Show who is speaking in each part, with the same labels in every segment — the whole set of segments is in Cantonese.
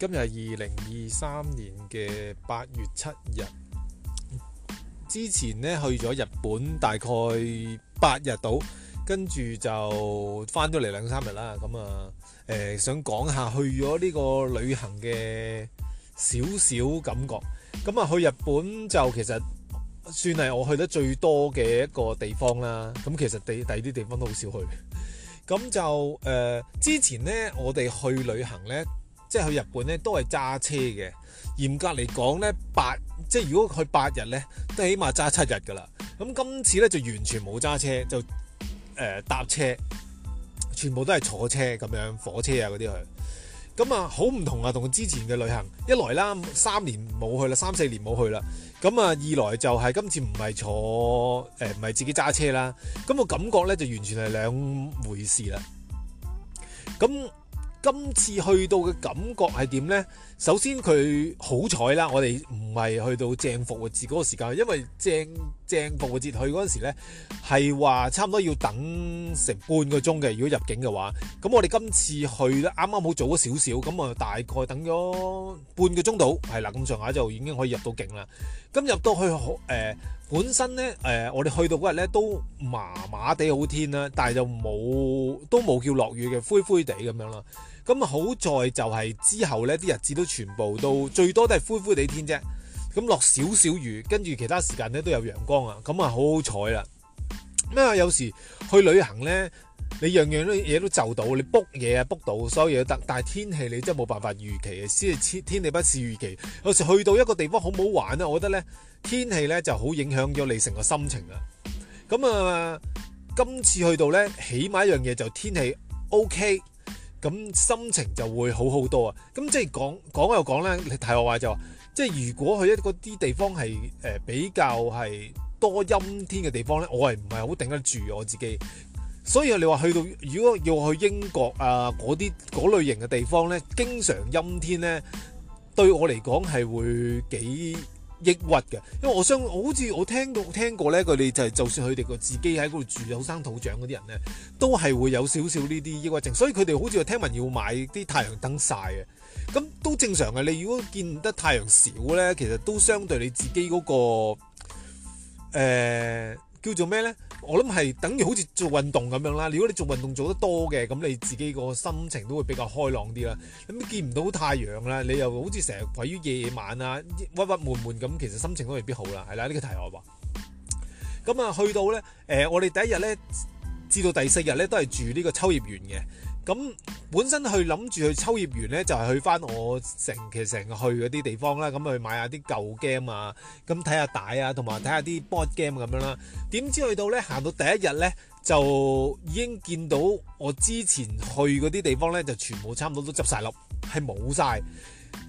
Speaker 1: 今日係二零二三年嘅八月七日，之前呢，去咗日本大概八日度，跟住就翻咗嚟兩三日啦。咁、嗯、啊，誒、呃、想講下去咗呢個旅行嘅少少感覺。咁、嗯、啊，去日本就其實算係我去得最多嘅一個地方啦。咁、嗯、其實地第啲地方都好少去。咁就誒之前呢，我哋去旅行呢。即係去日本咧，都係揸車嘅。嚴格嚟講咧，八，即係如果去八日咧，都起碼揸七日噶啦。咁今次咧就完全冇揸車，就誒、呃、搭車，全部都係坐車咁樣，火車啊嗰啲去。咁啊好唔同啊，同之前嘅旅行。一來啦，三年冇去啦，三四年冇去啦。咁啊二來就係、是、今次唔係坐誒，唔、呃、係自己揸車啦。咁、那個感覺咧就完全係兩回事啦。咁。今次去到嘅感覺係點呢？首先佢好彩啦，我哋唔係去到正復活節嗰個時間，因為正正復活節去嗰陣時咧，係話差唔多要等成半個鐘嘅，如果入境嘅話，咁我哋今次去咧啱啱好早咗少少，咁我大概等咗半個鐘度，係啦，咁上下就已經可以入到境啦。咁入到去好誒、呃，本身呢，誒、呃，我哋去到嗰日呢都麻麻地好天啦，但係就冇都冇叫落雨嘅，灰灰地咁樣啦。咁好在就係之後呢啲日子都全部都最多都係灰灰地天啫，咁落少少雨，跟住其他時間呢都有陽光啊，咁啊好好彩啦。咩啊？有時去旅行呢？你樣樣嘢都就到，你 book 嘢啊 book 到，所有嘢都得，但係天氣你真係冇辦法預期嘅，先係天天氣不似預期。有時去到一個地方好唔好玩呢，我覺得呢天氣呢就好影響咗你成個心情啊。咁、嗯、啊、嗯，今次去到呢，起碼一樣嘢就天氣 OK。咁心情就會好好多啊！咁即係講講又講咧，你睇我話就話，即係如果去一嗰啲地方係誒比較係多陰天嘅地方咧，我係唔係好頂得住我自己。所以你話去到如果要去英國啊嗰啲嗰類型嘅地方咧，經常陰天咧，對我嚟講係會幾抑鬱嘅，因為我想我好似我聽到聽過咧，佢哋就係、是、就算佢哋個自己喺嗰度住土生土長嗰啲人咧，都係會有少少呢啲抑鬱症。所以佢哋好似聽聞要買啲太陽燈晒嘅，咁都正常嘅。你如果見得太陽少咧，其實都相對你自己嗰、那個、呃、叫做咩咧？我諗係等於好似做運動咁樣啦。如果你做運動做得多嘅，咁你自己個心情都會比較開朗啲啦。咁見唔到太陽啦，你又好似成日位於夜晚啊，鬱鬱悶悶咁，其實心情都未必好啦。係啦，呢、這個題外話。咁啊，去到咧，誒、呃，我哋第一日咧，至到第四日咧，都係住呢個秋葉原嘅。咁本身去諗住去秋葉原咧，就係、是、去翻我成期成日去嗰啲地方啦。咁去買下啲舊啊看看啊看看 game 啊，咁睇下帶啊，同埋睇下啲 board game 咁樣啦。點知去到咧，行到第一日咧，就已經見到我之前去嗰啲地方咧，就全部差唔多都執晒笠，係冇晒。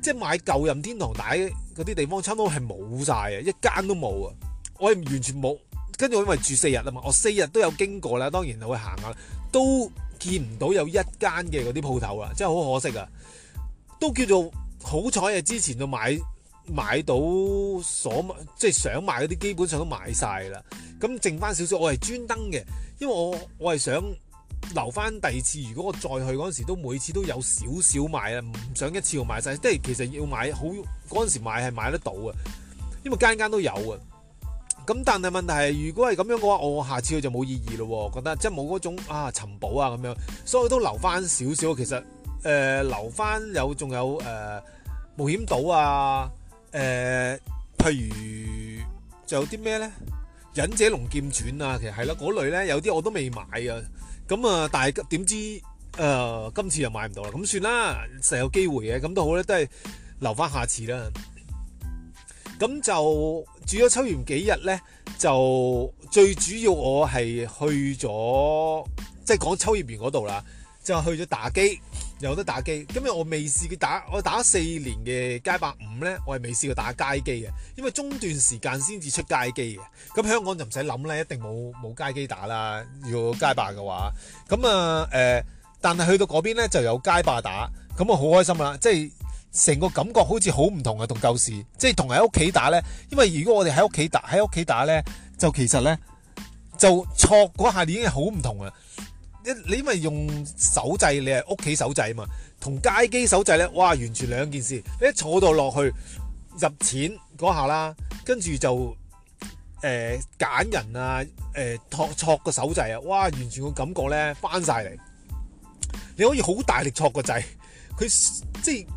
Speaker 1: 即係買舊任天堂帶嗰啲地方，差唔多係冇晒啊，一間都冇啊。我係完全冇。跟住我因為住四日啊嘛，我四日都有經過啦，當然會行下都。見唔到有一間嘅嗰啲鋪頭啦，真係好可惜啊！都叫做好彩啊！之前就買買到所即係想買嗰啲基本上都買晒啦，咁剩翻少少我係專登嘅，因為我我係想留翻第二次，如果我再去嗰陣時，都每次都有少少買啊，唔想一次要買晒，即係其實要買好嗰陣時買係買得到嘅，因為間間都有啊。咁但係問題係，如果係咁樣嘅話，我下次我就冇意義咯，我覺得即係冇嗰種啊尋寶啊咁樣，所以我都留翻少少。其實誒、呃、留翻有仲有誒、呃、冒險島啊誒、呃，譬如仲有啲咩咧？忍者龍劍傳啊，其實係啦，嗰類咧有啲我都未買啊。咁啊，但係點知誒、呃、今次又買唔到啦，咁算啦，成日有機會嘅，咁都好咧，都係留翻下次啦。咁就住咗秋葉幾日呢，就最主要我係去咗，即係講秋葉原嗰度啦，就去咗打機，有得打機。今日我未試過打，我打四年嘅街霸五呢，我係未試過打街機嘅，因為中段時間先至出街機嘅。咁香港就唔使諗啦，一定冇冇街機打啦，要街霸嘅話。咁啊誒，但係去到嗰邊咧就有街霸打，咁我好開心啦，即係。成個感覺好似好唔同啊，同舊時即係同喺屋企打咧。因為如果我哋喺屋企打喺屋企打咧，就其實咧就坐嗰下已經係好唔同啊。你你因為用手掣，你係屋企手掣啊嘛，同街機手掣咧，哇，完全兩件事。你一坐到落去入錢嗰下啦，跟住就誒揀、呃、人啊，誒託託個手掣啊，哇，完全個感覺咧翻晒嚟。你可以好大力託個掣，佢即係。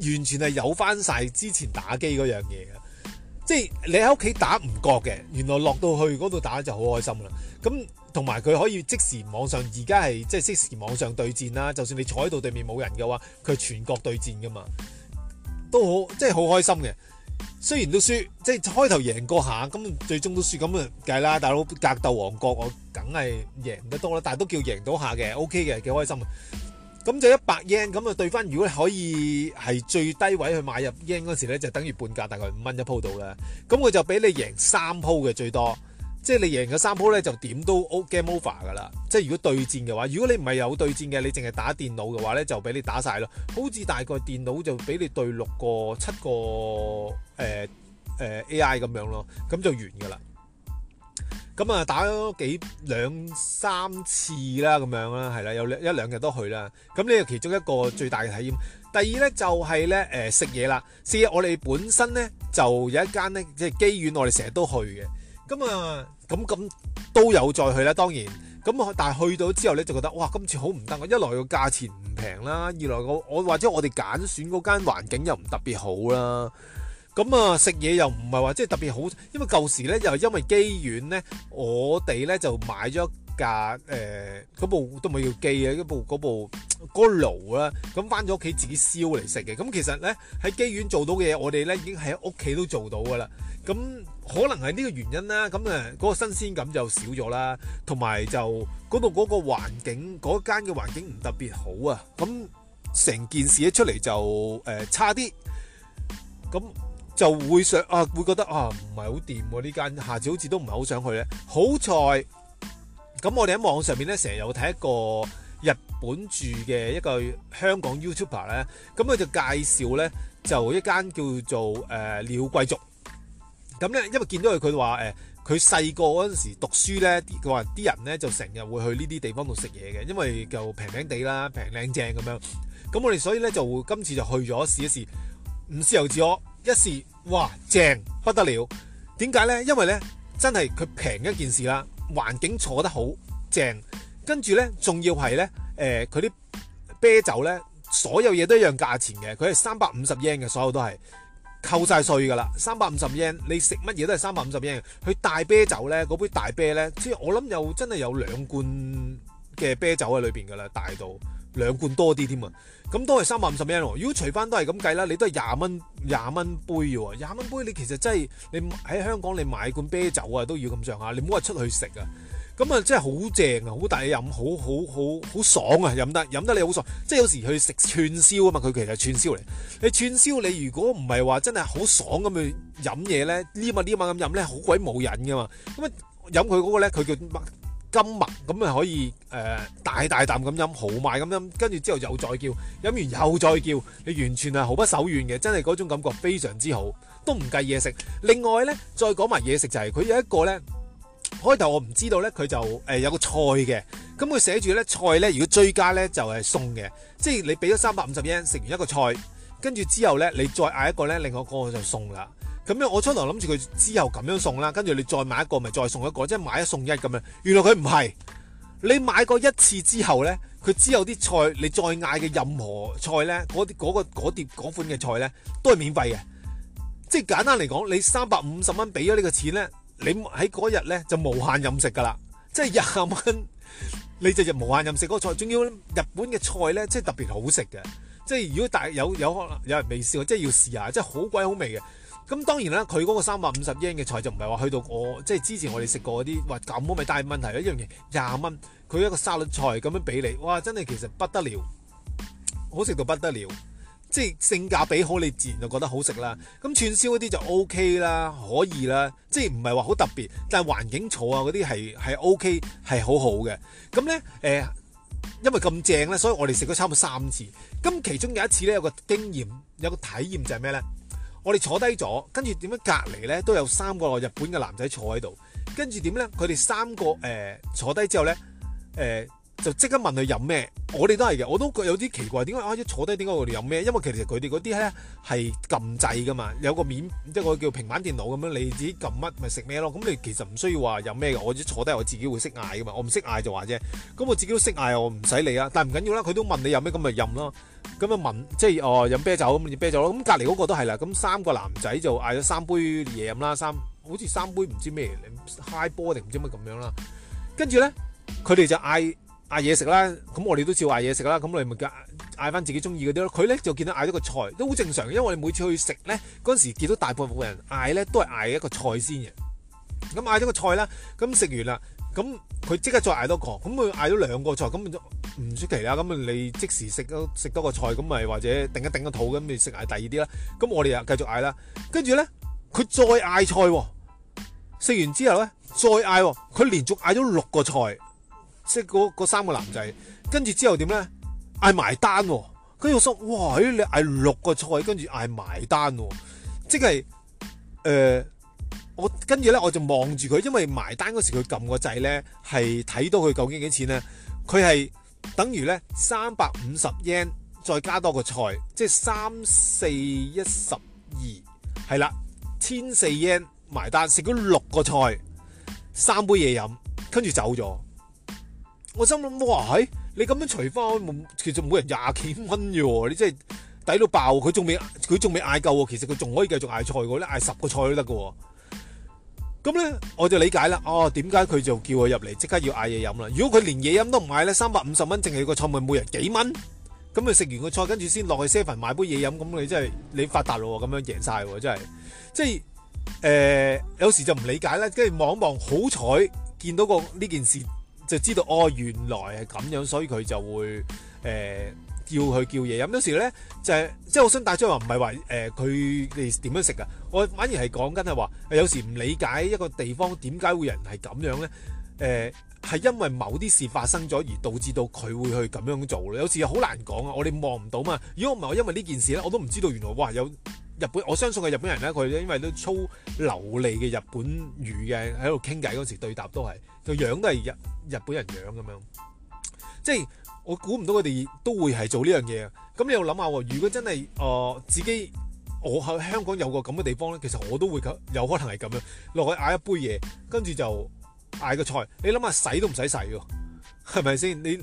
Speaker 1: 完全係有翻晒之前打機嗰樣嘢嘅，即係你喺屋企打唔覺嘅，原來落到去嗰度打就好開心啦。咁同埋佢可以即時網上，而家係即係即即時網上對戰啦。就算你坐喺度對面冇人嘅話，佢係全國對戰噶嘛，都好即係好開心嘅。雖然都輸，即係開頭贏過下，咁最終都輸，咁啊計啦，大佬格鬥王國我梗係贏得多啦，但係都叫贏到下嘅，OK 嘅，幾開心。咁就一百 yen，咁啊兌翻，對，如果你可以係最低位去買入 yen 嗰時咧，就等於半價，大概五蚊一鋪到啦。咁佢就俾你贏三鋪嘅最多，即係你贏咗三鋪咧就點都 game over 噶啦。即係如果對戰嘅話，如果你唔係有對戰嘅，你淨係打電腦嘅話咧，就俾你打晒咯。好似大概電腦就俾你對六個七個誒誒、呃呃、AI 咁樣咯，咁就完噶啦。咁啊，打咗幾兩三次啦，咁樣啦，係啦，有兩一兩日都去啦。咁呢個其中一個最大嘅體驗。第二呢，就係呢，誒，食嘢啦。食嘢我哋本身呢，就有一間呢，即係機院，我哋成日都去嘅。咁啊，咁咁都有再去啦。當然，咁但係去到之後呢，就覺得，哇，今次好唔得啊。一來個價錢唔平啦，二來個我或者我哋揀選嗰間環境又唔特別好啦。咁啊，食嘢又唔係話即係特別好，因為舊時咧，又係因為機院咧，我哋咧就買咗一架誒，嗰、呃、部都唔係叫機嘅，一部嗰部嗰爐啦，咁返咗屋企自己燒嚟食嘅。咁其實咧喺機院做到嘅嘢，我哋咧已經喺屋企都做到噶啦。咁可能係呢個原因啦。咁誒嗰個新鮮感就少咗啦，同埋就嗰度嗰個環境嗰間嘅環境唔特別好啊。咁成件事一出嚟就誒、呃、差啲，咁。就會想啊，會覺得啊，唔係好掂喎呢間，下次好似都唔係好想去咧。好在咁，我哋喺網上面咧，成日有睇一個日本住嘅一個香港 YouTuber 咧，咁佢就介紹咧就一間叫做誒鳥貴族咁咧，因為見到佢佢話誒，佢細個嗰陣時讀書咧，佢話啲人咧就成日會去呢啲地方度食嘢嘅，因為就平平地啦，平靚正咁樣。咁我哋所以咧就今次就去咗試一試，唔試由自我。一試哇正不得了，點解呢？因為呢，真係佢平一件事啦，環境坐得好正，跟住呢，仲要係呢，誒佢啲啤酒呢，所有嘢都一樣價錢嘅，佢係三百五十 yen 嘅，所有都係扣晒稅噶啦，三百五十 yen，你食乜嘢都係三百五十 yen，佢大啤酒呢，嗰杯大啤呢，即係我諗有真係有兩罐嘅啤酒喺裏邊噶啦，大到。兩罐多啲添啊，咁都係三百五十蚊喎。如果除翻都係咁計啦，你都係廿蚊廿蚊杯嘅，廿蚊杯，你其實真係你喺香港你買罐啤酒啊都要咁上下，你唔好話出去食啊。咁啊真係好正啊，好抵飲，好好好好爽啊，飲得飲得你好爽。即係有時去食串燒啊嘛，佢其實串燒嚟。你串燒你如果唔係話真係好爽咁去飲嘢咧，呢啊黏啊咁飲咧，好鬼冇癮噶嘛。咁啊飲佢嗰個咧，佢叫金麥咁咪可以誒、呃、大大啖咁飲豪邁咁飲，跟住之後又再叫飲完又再叫，你完全係毫不手軟嘅，真係嗰種感覺非常之好，都唔計嘢食。另外呢，再講埋嘢食就係、是、佢有一個呢。開頭我唔知道呢，佢就誒有個菜嘅，咁佢寫住呢菜呢，如果追加呢就係、是、送嘅，即係你俾咗三百五十 yen 食完一個菜，跟住之後呢，你再嗌一個呢，另外一個就送啦。咁樣，我初頭諗住佢之後咁樣送啦，跟住你再買一個，咪再送一個，即係買一送一咁樣。原來佢唔係你買過一次之後呢，佢之後啲菜，你再嗌嘅任何菜呢，嗰啲、嗰個、嗰碟嗰款嘅菜呢，都係免費嘅。即係簡單嚟講，你三百五十蚊俾咗呢個錢呢，你喺嗰日呢就無限任食噶啦。即係廿蚊，你就就無限任食嗰個菜。仲要日本嘅菜呢，即係特別好食嘅。即係如果大有有可能有人未試過，即係要試下，即係好鬼好味嘅。咁當然啦，佢嗰個三百五十 y e 嘅菜就唔係話去到我即係之前我哋食過嗰啲話咁好，咪大係問題一樣，嘢廿蚊，佢一個沙律菜咁樣俾你，哇！真係其實不得了，好食到不得了，即係性價比好，你自然就覺得好食啦。咁串燒嗰啲就 O、OK、K 啦，可以啦，即係唔係話好特別，但係環境坐啊嗰啲係係 O K，係好好嘅。咁咧誒，因為咁正咧，所以我哋食咗差唔多三次。咁其中一呢有一次咧，有個經驗，有個體驗就係咩咧？我哋坐低咗，跟住點樣隔籬咧都有三個日本嘅男仔坐喺度，跟住點咧？佢哋三個誒、呃、坐低之後咧，誒、呃、就即刻問佢飲咩？我哋都係嘅，我都覺有啲奇怪，點解啱先坐低，點解我哋飲咩？因為其實佢哋嗰啲咧係撳掣噶嘛，有個面即係我叫平板電腦咁樣，你自己撳乜咪食咩咯。咁你其實唔需要話飲咩嘅，我啲坐低我自己會識嗌噶嘛，我唔識嗌就話啫。咁我自己都識嗌，我唔使理啊。但係唔緊要啦，佢都問你有咩，咁咪飲咯。咁啊問，即係哦飲啤酒咁飲啤酒咯，咁隔離嗰個都係啦，咁、嗯、三個男仔就嗌咗三杯嘢飲啦，三好似三杯唔知咩 high 波定唔知乜咁樣啦，跟住咧佢哋就嗌嗌嘢食啦，咁、嗯、我哋都照嗌嘢食啦，咁、嗯、我哋咪嗌嗌翻自己中意嗰啲咯，佢咧就見到嗌咗個菜都好正常，因為我哋每次去食咧嗰陣時見到大部分嘅人嗌咧都係嗌一個菜先嘅，咁嗌咗個菜啦，咁、嗯、食完啦。咁佢即刻再嗌多個，咁佢嗌咗兩個菜，咁就唔出奇啦。咁你即時食多食多個菜，咁咪或者頂一頂個肚，咁你食埋第二啲啦。咁我哋又繼續嗌啦。跟住咧，佢再嗌菜，食完之後咧，再嗌，佢連續嗌咗六個菜，即嗰三個男仔。跟住之後點咧？嗌埋單，跟住我心哇，你嗌六個菜，跟住嗌埋單，即係誒。呃我跟住咧，我就望住佢，因為埋單嗰時佢撳個掣咧，係睇到佢究竟幾錢咧。佢係等於咧三百五十 yen 再加多個菜，即係三四一十二係啦，千四 yen 埋單食咗六個菜，三杯嘢飲，跟住走咗。我心諗哇，係、哎、你咁樣除翻，其實每人廿幾蚊嘅喎，你真係抵到爆。佢仲未佢仲未嗌夠喎，其實佢仲可以繼續嗌菜嘅，你嗌十個菜都得嘅喎。咁咧我就理解啦。哦，點解佢就叫我入嚟即刻要嗌嘢飲啦？如果佢連嘢飲，飲都唔嗌咧，三百五十蚊淨係個菜咪每日幾蚊？咁啊食完個菜跟住先落去 Seven 買杯嘢飲，飲，咁你真係你發達咯，咁樣贏晒喎！真係即係誒、呃，有時就唔理解咧，跟住望一望，好彩見到個呢件事就知道哦，原來係咁樣，所以佢就會誒。呃叫佢叫嘢飲，有時咧就係、係、即係我想帶出話，唔係話誒佢哋點樣食噶，我反而係講緊係話，有時唔理解一個地方點解會有人係咁樣咧？誒、呃、係因為某啲事發生咗而導致到佢會去咁樣做。有時好難講啊，我哋望唔到嘛。如果唔係我因為呢件事咧，我都唔知道原來哇有日本，我相信嘅日本人咧，佢因為都操流利嘅日本語嘅，喺度傾偈嗰時對答都係，個樣都係日日本人樣咁樣，即係。我估唔到佢哋都會係做呢樣嘢啊！咁你又諗下，如果真係誒、呃、自己我喺香港有個咁嘅地方咧，其實我都會有可能係咁樣落去嗌一杯嘢，跟住就嗌個菜。你諗下洗都唔使洗喎，係咪先？你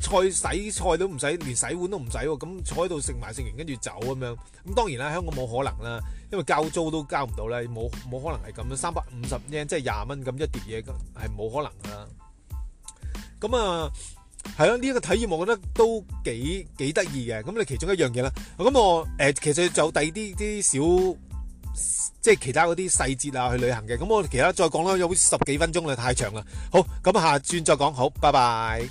Speaker 1: 菜洗菜都唔使，連洗碗都唔使喎。咁坐喺度食埋食完跟住走咁樣。咁當然啦，香港冇可能啦，因為交租都交唔到啦，冇冇可能係咁樣三百五十 yen 即係廿蚊咁一碟嘢，係冇可能噶啦。咁啊～、呃係咯，呢一個體驗我覺得都幾幾得意嘅。咁你其中一樣嘢啦，咁我誒、呃，其實就有第二啲啲小，即係其他嗰啲細節啊，去旅行嘅。咁我哋其他再講啦，有十幾分鐘啦，太長啦。好，咁下轉再講。好，拜拜。